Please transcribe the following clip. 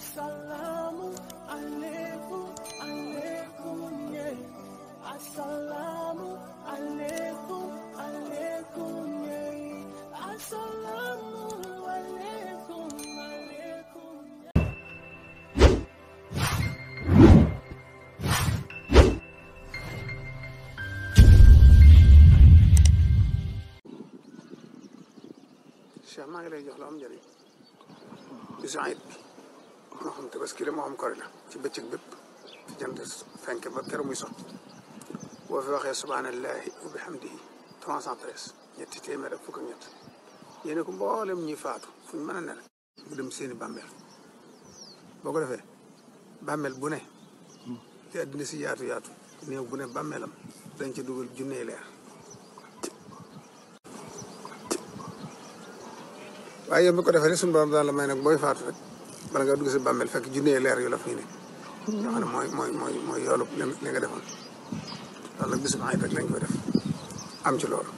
Assalamu alaikum, alaikum, yeah. Assalamu alaikum, alaikum, yeah. Assalamu alaikum, alaikum, yeah. الشيخ ما قال يجي العمجري nga xam tabaski moo xam kori ci bëccëg bépp ci jant fenk ba keroog muy sox boo fi waxee subhaanallahi wa bihamdihi 313 ñetti téeméer ak fukk ak ñett yéene ko mboolem ñuy faatu fu ñu mën dem seeni bàmmeel ko defee bàmmeel bu ne li àddina si yaatu yaatu néew bu ne bàmmeelam dañ ca dugal junney leer waaye yéen ko defee rek suñu borom daan la may nag booy faatu rek bala nga dugg si bàmmeel fekk junne leer yu la fii ne yoo xam ne mooy mooy mooy mooy yoolu li nga defoon loolu nag bisub ayit koy def am ci loolu